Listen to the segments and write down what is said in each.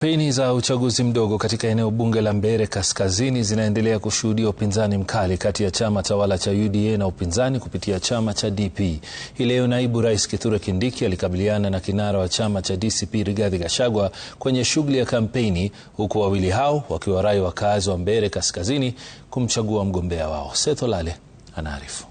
Kampeni za uchaguzi mdogo katika eneo bunge la Mbeere Kaskazini zinaendelea kushuhudia upinzani mkali kati ya chama tawala cha UDA na upinzani kupitia chama cha DP. Hii leo naibu rais Kithure Kindiki alikabiliana na kinara wa chama cha DCP Rigathi Gachagua kwenye shughuli ya kampeni, huku wawili hao wakiwarai wakazi wa Mbeere Kaskazini kumchagua mgombea wao. setholale anaarifu.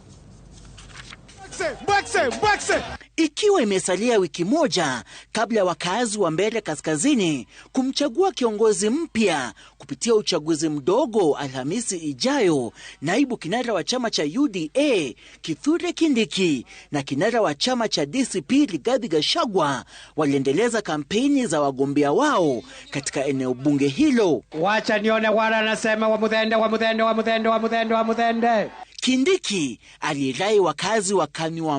Ikiwa imesalia wiki moja kabla ya wakazi wa Mbeere Kaskazini kumchagua kiongozi mpya kupitia uchaguzi mdogo Alhamisi ijayo, naibu kinara wa chama cha UDA Kithure Kindiki na kinara wa chama cha DCP Rigathi Gachagua waliendeleza kampeni za wagombea wao katika eneo bunge hilo. Wacha nione wala anasema Wamuthende, Wamuthende, wamudhende Wamuthende, Wamuthende. Kindiki alirai wakazi wa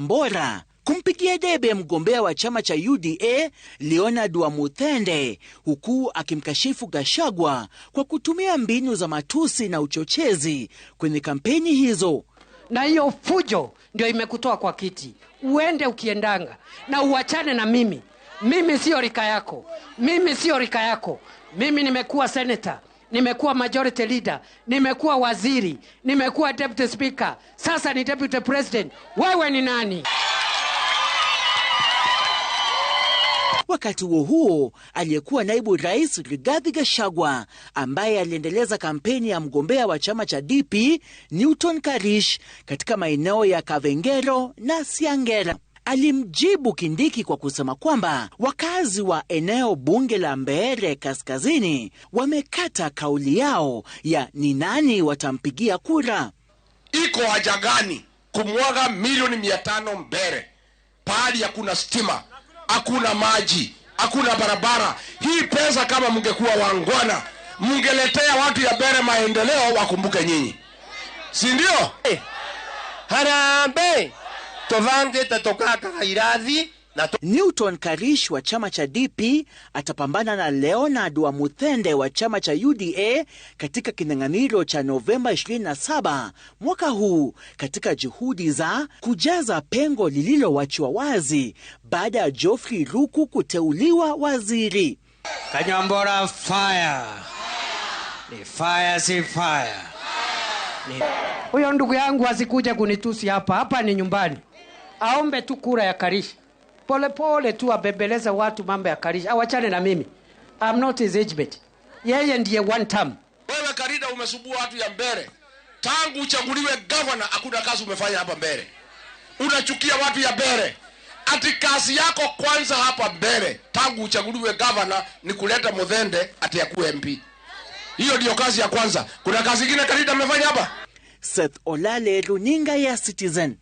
mbora kumpigia debe mgombea wa chama cha UDA Leonard Wamuthende, huku akimkashifu Gashagwa kwa kutumia mbinu za matusi na uchochezi kwenye kampeni hizo. Na hiyo fujo ndio imekutoa kwa kiti, uende ukiendanga na uachane na mimi. Mimi siyo rika yako, mimi siyo rika yako. Mimi nimekuwa senator nimekuwa majority leader, nimekuwa waziri, nimekuwa deputy speaker, sasa ni deputy president. Wewe ni nani? Wakati huo huo, aliyekuwa naibu rais Rigathi Gachagua ambaye aliendeleza kampeni ya mgombea wa chama cha DP Newton Karish katika maeneo ya Kavengero na Siangera alimjibu Kindiki kwa kusema kwamba wakazi wa eneo bunge la Mbeere Kaskazini wamekata kauli yao ya ni nani watampigia kura. Iko haja gani kumwaga milioni mia tano Mbeere pahali hakuna stima? hakuna maji, hakuna barabara. Hii pesa kama mngekuwa wangwana, mngeletea watu ya Bere maendeleo, wakumbuke nyinyi, si ndio? Hey, harambee tovange tatokaga irathi Newton Karish wa chama cha DP atapambana na Leonard wa Muthende wa chama cha UDA katika kinyang'anyiro cha Novemba 27 mwaka huu katika juhudi za kujaza pengo lililowachiwa wazi baada ya Geoffrey Ruku kuteuliwa waziri. Kanyambora fire. Ni fire si fire. Huyo ndugu yangu asikuja kunitusi hapa, hapa ni nyumbani. Aombe tu kura ya Karish. Polepole tu abembeleze watu mambo ya karisha awachane na mimi, I'm not his age mate. Yeye ndiye one term. Wewe Karida, umesumbua watu ya Mbere tangu uchaguliwe gavana, hakuna kazi umefanya hapa Mbere. Unachukia watu ya Mbere ati kazi yako kwanza hapa Mbere tangu uchaguliwe gavana ni kuleta mudhende ati yakuwe MP. Hiyo ndiyo kazi ya kwanza. Kuna kazi ingine Karida amefanya hapa? Seth Olale, runinga ya Citizen.